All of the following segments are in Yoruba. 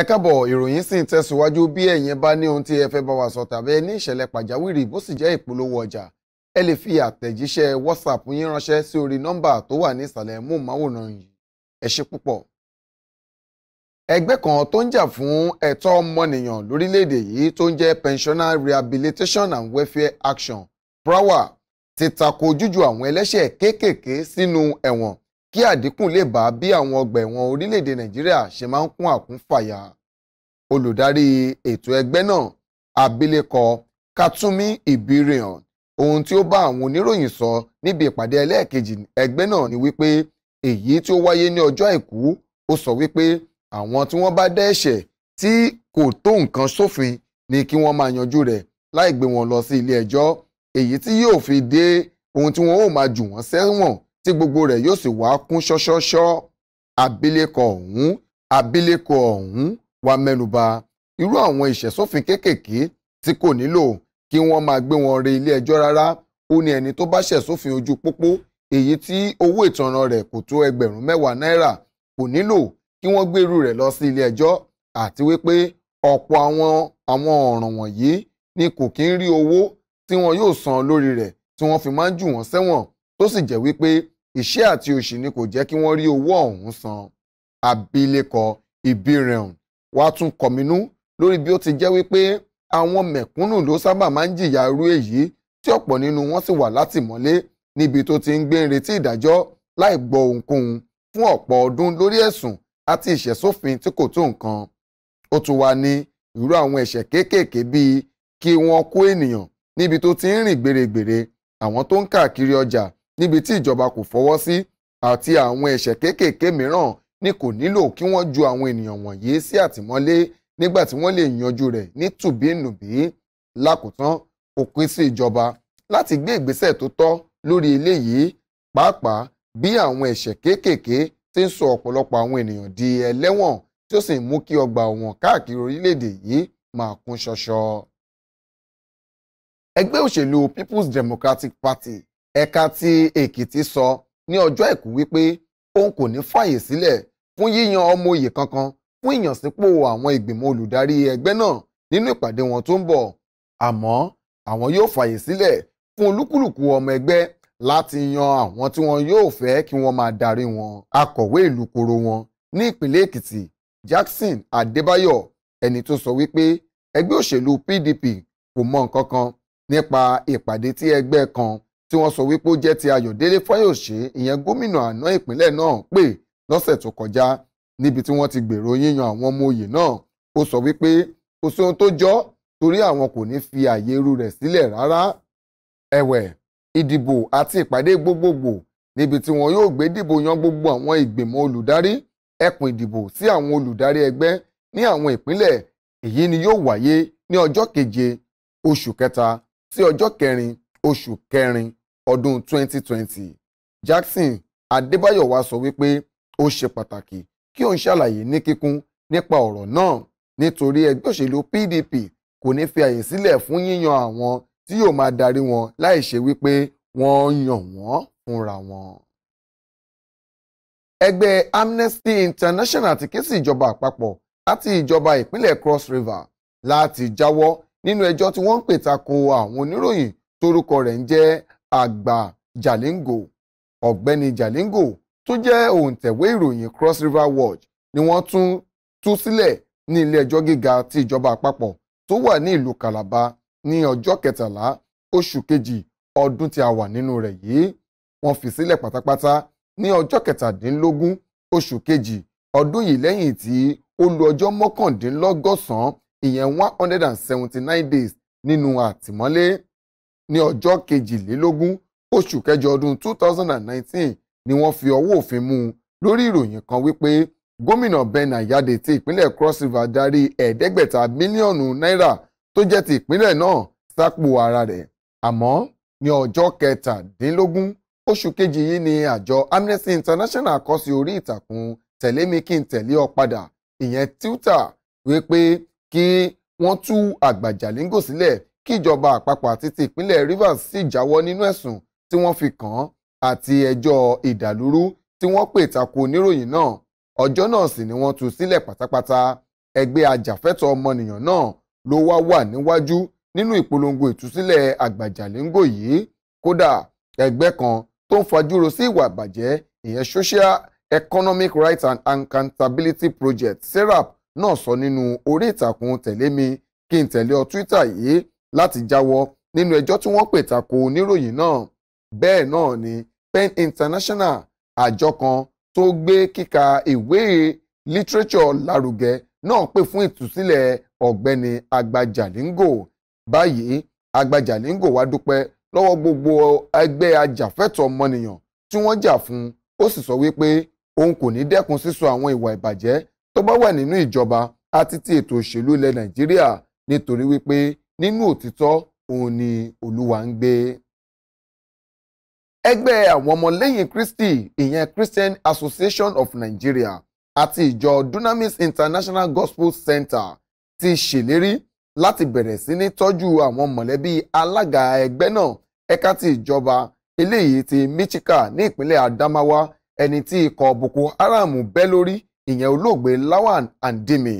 ẹ káàbọ̀ ìròyìn sì ń tẹ̀síwájú bí ẹ̀yin bá ní ohun tí ẹ fẹ́ bá wa sọ tàbí ní ìṣẹ̀lẹ̀ pàjáwìrì bó sì jẹ́ ìpolówó ọjà ẹ lè fi àtẹ̀jíṣẹ́ whatsapp yín ránṣẹ́ sí orí nọ́mbà tó wà ní ìsàlẹ̀ móhùnmáwòrán yìí ẹ ṣe púpọ̀. ẹgbẹ́ kan tó ń jà fún ẹ̀tọ́ ọmọnìyàn lórílẹ̀‐èdè yìí tó ń jẹ́ pensioner rehabilitation and welfare action prawa ti tako jújù àwọn ẹlẹ́ṣẹ̀ kéékèèké sínú ẹ̀wọ̀n kí àdínkù lè bá bí àwọn ọgbà ẹ̀wọ̀n orílẹ̀-èdè nàìjíríà ṣe máa ń kún àkúnfàyà olùdarí ètò ẹgbẹ́ náà abilékọ katumi ibirion ohun tí ó bá àwọn oníròyìn sọ níbi ìpàdé ẹlẹ́ẹ̀kejì ẹgbẹ́ náà ni wípé èyí tí ó wáyé ní ọjọ́ àìkú ó sọ wípé àwọn tí wọ́n bá dá ẹ̀ṣẹ̀ tí kò tó nǹkan sófin ni kí wọ́n máa yanjú rẹ̀ láì gbé wọn lọ sí ilé ẹjọ́ èyí tí yóò fi dé ohun tí wọn ó máa jù wọ́n sẹ́wọ̀n tí gbogbo rẹ̀ yóò sì wá kún ṣọ́ṣọ́ṣọ́ abilékọ ọ̀hún abilékọ ọ̀hún wá mẹ́nuba irú àwọn ìṣẹ̀sófin kéékèèké tí kò nílò kí wọ́n máa gbé wọn re ilé ẹjọ́ rárá ó ní ẹni tó bá ṣẹ̀sófin ojú pópó èyí tí owó ìtanràn rẹ̀ kò tó ẹgbẹ̀rún mẹ́wàá náírà kò nílò kí wọ́n gbé rẹ̀ lọ sí ilé ẹjọ́ àti wípé ọ̀pọ̀ àwọn àwọn ọ̀ràn wọ̀nyí ni kò kí ń rí owó tí wọn yóò san lórí rẹ̀ tí wọ́n fi máa ń jù wọ́n sẹ́wọ̀n tó sì jẹ́ wípé ìṣẹ́ àti òṣì ni kò jẹ́ kí wọ́n rí owó ọ̀hún san abilékọ Ibireun wá tún kọ̀mínú lórí bí ó ti jẹ́ wípé àwọn mẹ̀kúnnù ló sábà máa ń jìyà irú èyí tí ọ̀pọ̀ nínú wọn sì wà látìmọ́lé níbi tó ti ń gbé retí ìdájọ́ láì gbọ́ ohunkóhun fún ọ̀pọ̀ ọdún lórí ẹ̀sùn àti ìṣẹ̀sófin tí kò tó nǹkan ó tún wà ní irú àwọn ẹ̀ṣẹ̀ kéékèèké bíi kí wọ́n kó ènìyàn níbi tó ti ń rìn gbèrègbèrè àwọn tó ń káàkiri ọjà níbi tí ìjọba kò fọwọ́ sí àti àwọn ẹ̀ṣẹ̀ kéékèèké mìíràn ni kò nílò kí wọ́n ju àwọn ènìyàn wọ̀nyí sí àtìmọ́lé nígbà tí wọ́n lè yanjú rẹ̀ ní tùbínùbí lákòótán ó pín sí ìjọba láti gbé ìgbésẹ̀ tó tọ́ lórí eléyìí pàápàá bí àwọn ẹ̀ṣẹ̀ kéékèèké ti ń sọ ọ̀pọ̀lọpọ̀ àwọn ènìyàn di ẹlẹ́wọ̀n tí ó sì mú kí ọgbà ọ̀wọ̀n káàkiri orílẹ̀-èdè yìí máa kún ṣọṣọ. ẹgbẹ́ òṣèlú People's Democratic Party ẹ̀ka ti èkìtì sọ ní ọjọ́ àìkú wípé òun kò ní fààyè sílẹ̀ fún yíyan ọmọ òye kankan fún ìyànsípò àwọn ìgbìmọ̀ olùdarí ẹgbẹ́ náà nínú ìpàdé wọn tó ń bọ̀ àmọ́ àwọn yóò fààyè sílẹ̀ fún olúkúlùkù ọmọ ẹgbẹ́ láti yan àwọn tí wọn yóò fẹ́ kí wọ́n máa darí wọn akọ̀wé ìlú koro wọn ní ìpínlẹ̀ èkìtì Jackson Adébáyọ̀ ẹni tó sọ wípé ẹgbẹ́ òṣèlú PDP kò mọ nǹkan kan nípa ìpàdé tí ẹgbẹ́ kan tí wọ́n sọ wípé ó jẹ́ ti Ayọ̀délé Fáyòṣe ìyẹn gómìnà àná ìpínlẹ̀ náà pè lọ́sẹ̀ tó kọjá níbi tí wọ́n ti gbèrò yíyan àwọn ọmọ oyè náà ó sọ wípé kò sí ohun tó jọ torí àwọn kò ní fi àyè irú rẹ̀ sílẹ̀ rárá ẹ̀wẹ̀ ìdìbò àti ìpàdé gbogbogbò níbi tí wọn yóò gbé dìbò yan gbogbo àwọn ìgbìmọ̀ olùdarí ẹkùn ìdìbò sí àwọn olùdarí ẹgbẹ́ ní àwọn ìpínlẹ̀ èyí ni yóò wáyé ní ọjọ́ keje oṣù kẹta sí ọjọ́ kẹrin oṣù kẹrin ọdún 2020 Jackson Adébáyọ̀ wá sọ wípé ó ṣe pàtàkì kí òun ṣàlàyé ní kíkún nípa ọ̀rọ̀ náà nítorí ẹgbẹ́ òṣèlú PDP kò ní fi àyè sílẹ̀ fún yíyan àwọn tí yóò máa darí wọn láì ṣe wípé wọ́n yàn wọ́n fúnra wọn. ẹgbẹ́ Amnesty International ti ké sí ìjọba àpapọ̀ àti ìjọba ìpínlẹ̀ Cross River láti jáwọ́ nínú ẹjọ́ tí wọ́n ń pè tako àwọn oníròyìn torúkọ rẹ̀ ń jẹ́ àgbà Jalingo ọ̀gbẹ́ni Jalingo tó jẹ́ òǹtẹ̀wé ìròyìn Cross River Watch ni wọ́n tún tú sílẹ̀ ní ilé ẹjọ́ gíga ti ìjọba àpapọ̀ tó wà ní ìlú Calabar ní ọjọ́ kẹtàlá oṣù kejì ọdún tí a wà nínú rẹ̀ yìí wọ́n fi sílẹ̀ pátápátá ní ọjọ́ kẹtàdínlógún oṣù kejì ọdún yìí lẹ́yìn tí ó lu ọjọ́ mọ́kàndínlọ́gọ́sàn-án ìyẹn one hundred and seventy nine days nínú àtìmọ́lé ní ọjọ́ kejìlélógún oṣù kẹjọ ọdún 2019 ni wọ́n fi ọwọ́ òfin mú un lórí ìròyìn kan wípé gómìnà Ben Ayade ti ìpínlẹ̀ Cross River darí ẹ̀ẹ́dẹ́gbẹ̀ta mílíọ̀nù náírà tó jẹ́ ti ìpínlẹ̀ náà sápò ara rẹ̀ àmọ́ ní ọjọ́ kẹtàdínlógún oṣù kejì yìí ni àjọ Amnesty International kọ sí orí ìtàkùn tẹ̀lé mi kí n tẹ̀lé ọ padà ìyẹn Twitter wípé kí wọ́n tú àgbàjàlíngò sílẹ̀ kí ìjọba àpapọ̀ àti ti ìpínlẹ̀ Rivers sì jáwọ́ nínú ẹ̀sùn tí wọ́n fi kàn án àti ẹjọ́ ìdàlúrú tí wọ́n pè tako oníròyìn náà ọjọ́ náà sì ni wọ́n tú sílẹ̀ pátápátá ẹgbẹ́ ajàfẹ́tọ̀ọ́ ọmọnìyàn náà ló wá wà níwájú nínú ìpolongo ìtúsílẹ̀ àgbàjàléńgò yìí kódà ẹgbẹ́ kan tó ń fajúro sí ìwà ìbàjẹ́ ìyẹn social economic rights and accountability project serap náà sọ nínú orí ìtàkùn tẹ̀lé mi kí n tẹ̀lé ọ twitter yìí láti jáwọ́ nínú ẹjọ́ tí wọ́n pè tako oníròyìn náà bẹ́ẹ̀ náà ni Pen International àjọ kan tó gbé kíka ìwé lítírẹ́ṣọ̀ lárugẹ náà pè fún ìtúsílẹ̀ ọ̀gbẹ́ni Agbajalingo báyìí Agbajalingo wá dúpẹ́ lọ́wọ́ gbogbo ẹgbẹ́ ajàfẹ́tọ̀ ọmọnìyàn tí wọ́n jà fún ó sì sọ wípé òun kò ní dẹ́kun sísọ àwọn ìwà ìbàjẹ́ tó bá wà nínú ìjọba àti ti ètò òṣèlú ilẹ̀ Nàìjíríà nítorí wípé nínú òtítọ́ òun ni olúwa ń gbé. ẹgbẹ́ àwọn ọmọlẹ́yìn kristi ìyẹn christian association of nigeria àti ìjọ dunamis international gospel center ti ṣèlérí láti bẹ̀rẹ̀ sí ní tọ́jú àwọn mọ̀lẹ́bí alága ẹgbẹ́ náà ẹ̀ka ti ìjọba eléyìí ti michika ní ìpínlẹ̀ adamawa ẹni tí ikọ̀ boko haram bẹ́ lórí ìyẹn olóògbé lawan andimi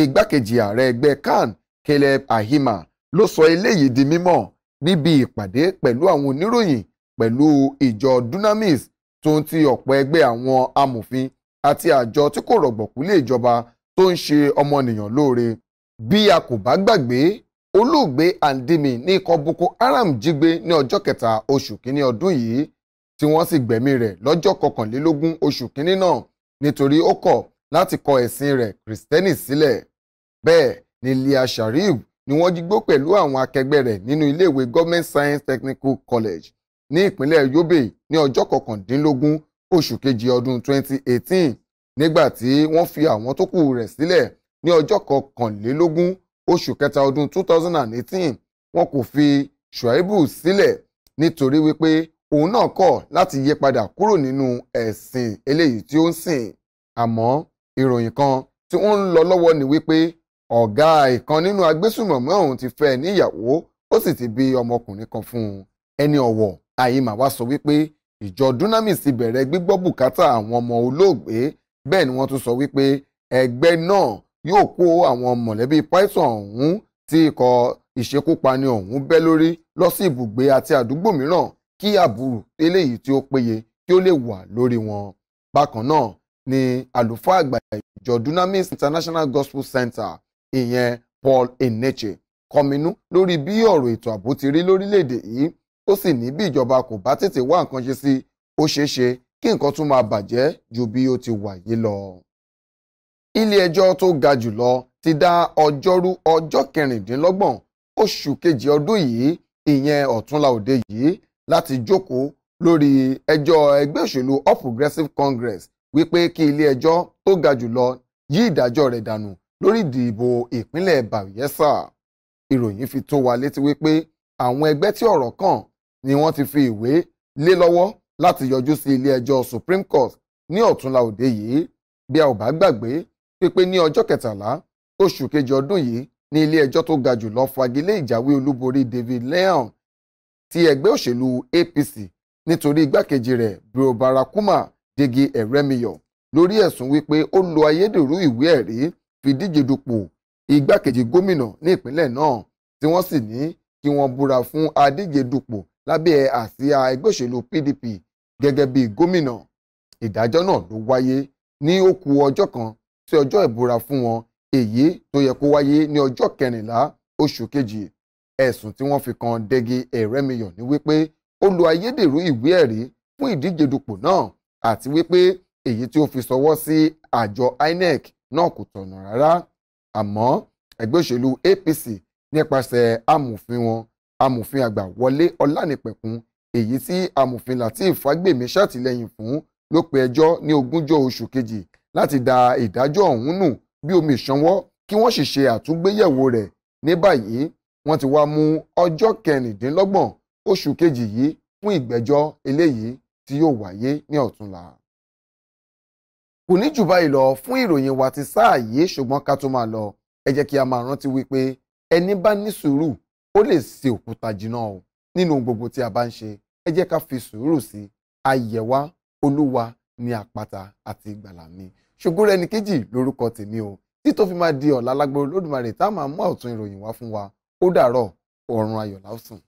igbákejì ààrẹ ẹgbẹ́ kan Caleb Ahima ló sọ eléyìí di mímọ̀ níbi ìpàdé pẹ̀lú àwọn oníròyìn pẹ̀lú ìjọ Dunamis tó ń ti ọ̀pọ̀ ẹgbẹ́ àwọn amòfin àti àjọ tí kò rọ̀gbọ̀kú lé ìjọba tó ń ṣe ọmọnìyàn lóore bí a kò bá gbàgbé olóògbé Andimi ní ikọ̀ Boko Haram jí gbé ní ọjọ́ kẹta oṣù kínní ọdún yìí tí wọ́n sì gbẹ̀mí rẹ̀ lọ́jọ́ kọkànlélógún oṣù kínní náà nítorí ó kọ̀ láti kọ ẹ̀sìn rẹ̀ kìrìsìtẹ́nì sílẹ̀ bẹ́ẹ̀ Lilia Asharif, ni wọ́n jí gbó pẹ̀lú àwọn akẹgbẹ́ rẹ̀ nínú iléèwé Government Science Technical College ní ìpínlẹ̀ Yobe ní ọjọ́ kọkàndínlógún oṣù kejì ọdún 2018 nígbà tí wọ́n fi àwọn tó kù rẹ̀ sílẹ̀ ní ọjọ́ kọkànlélógún oṣù kẹta ọdún 2018 wọn kò fi Shuaibu sílẹ̀ nítorí wípé òun náà kọ̀ láti yí padà kúrò nínú ẹ̀sìn eléyìí tí ó ń sìn àmọ́ ìròyìn kan tí ó ń lọ lọ́wọ́ ni wípé ọ̀gá ìkan nínú agbésùmọ̀mí ọ̀hún ti fẹ́ níyàwó ó sì ti bí ọmọkùnrin kan fún un ẹni ọ̀wọ̀ àyìnmá wa sọ wípé ìjọ dunamis ti bẹ̀rẹ̀ gbígbọ́ bùkátà àwọn ọmọ olóògbé bẹ́ẹ̀ ni wọ́n tún sọ wípé ẹgbẹ́ náà yóò kó àwọn mọ̀lẹ́bí python ọ̀hún tí ikọ̀ ìṣekúpani ọ̀hún bẹ́ lórí lọ sí ibùgbé àti àdúgbò mìíràn kí àbúrò eléyìí tí ó péye kí ó lè wà lórí wọn bákan náà ni àlùfáà àgbà ìjọ dunamis international gospel center ìyẹn Paul Eneche kọminú lórí bí ọ̀rọ̀ ètò ààbò ti rí lórílẹ̀‐èdè yìí ó sì ní bí ìjọba kò bá tètè wá nǹkan ṣe sí ó ṣeé ṣe kí nǹkan tún máa bàjẹ́ ju bí ó ti wà yìí lọ. ilé ẹjọ́ tó ga jùlọ ti dá ọjọ́rú ọjọ́ kẹrìndínlọ́gbọ̀n oṣù kejì ọdún yìí ìyẹn ọ̀túnla òde yìí láti jókòó lórí ẹjọ́ ẹgbẹ́ òṣèlú All Progressives Congress wípé kí ilé ẹjọ́ tó ga jùlọ yí ìdájọ́ rẹ̀ dànù lórí ìdìbò ìpínlẹ̀ Bayelsa ìròyìn fi tó wa létí wípé àwọn ẹgbẹ́ tí ọ̀rọ̀ kàn ni wọ́n ti fi ìwé lé lọ́wọ́ láti yọjú sí ilé ẹjọ́ Supreme Court ní ọ̀túnla òde yìí bí a ò bá gbàgbé pípé ní ọjọ́ kẹtàlá oṣù kejì ọdún yìí ní ilé ẹjọ́ tó ga jùlọ fagilé ìjáwé olúborí David Leon ti ẹgbẹ́ òṣèlú APC nítorí igbákejì rẹ̀ Bro Barakuma Digi Eremiyo lórí ẹ̀sùn wípé ó lo ayédèrú ìwé ẹ̀rí fi díje dupò igbákejì gómìnà ní ìpínlẹ̀ náà tí wọ́n sì ní kí wọ́n búra fún adíje dupò lábẹ́ àsíá ẹgbẹ́ òṣèlú PDP gẹ́gẹ́ bí gómìnà ìdájọ́ náà ló wáyé ní ó kù ọjọ́ kan sí ọjọ́ ìbúra fún wọn èyí tó yẹ kó wáyé ní ọjọ́ kẹrìnlá oṣù kejì ẹ̀sùn tí wọ́n fi kan Dégì Ẹ̀rẹ́miyàn ni wípé ó lo ayédèrú ìwé ẹ̀rí fún ìdíje dupò náà àti wípé èyí tí ó fi sọwọ́ sí àjọ INEC náà kò tọ̀nà rárá àmọ́ ẹgbẹ́ òṣèlú APC nípasẹ̀ amòfin wọn amòfin àgbà Wọlé Ọlánìpẹ̀kun èyí tí amòfin Lateef Fagbemi ṣàtìlẹ́yìn fún ló pe ẹjọ́ ní ogúnjọ́ oṣù kejì láti da ìdájọ́ ọ̀hún nù bí omi ìṣanwọ́ kí wọ́n sì ṣe àtúngbéyẹ̀wò rẹ̀ ní báyìí wọ́n ti wá mú ọjọ́ kẹrìndínlọ́gbọ̀n oṣù kejì yìí fún ìgbẹ́jọ́ eléyìí tí yóò wáyé ní ọ̀túnla kò ní jù báyìí lọ fún ìròyìn wa ti sáà yìí ṣùgbọ́n ká tó máa lọ ẹ jẹ́ kí a máa rántí wípé ẹni bá ní sùúrù ó lè ṣe òkúta jìnnà o nínú gbogbo tí a bá ń ṣe ẹ jẹ́ ká fi sùúrù sí ayẹ̀wá olúwa ní àpáta àti ìgbàlà mi Ṣògorẹ̀níkejì lórúkọ tèmi o tí tó fi máa di ọ̀la lágbóró lódùmarè tá a máa mú àwòtún ìròyìn wá fún wa ó dàárọ̀ ọ̀run ayọ̀ lásùn.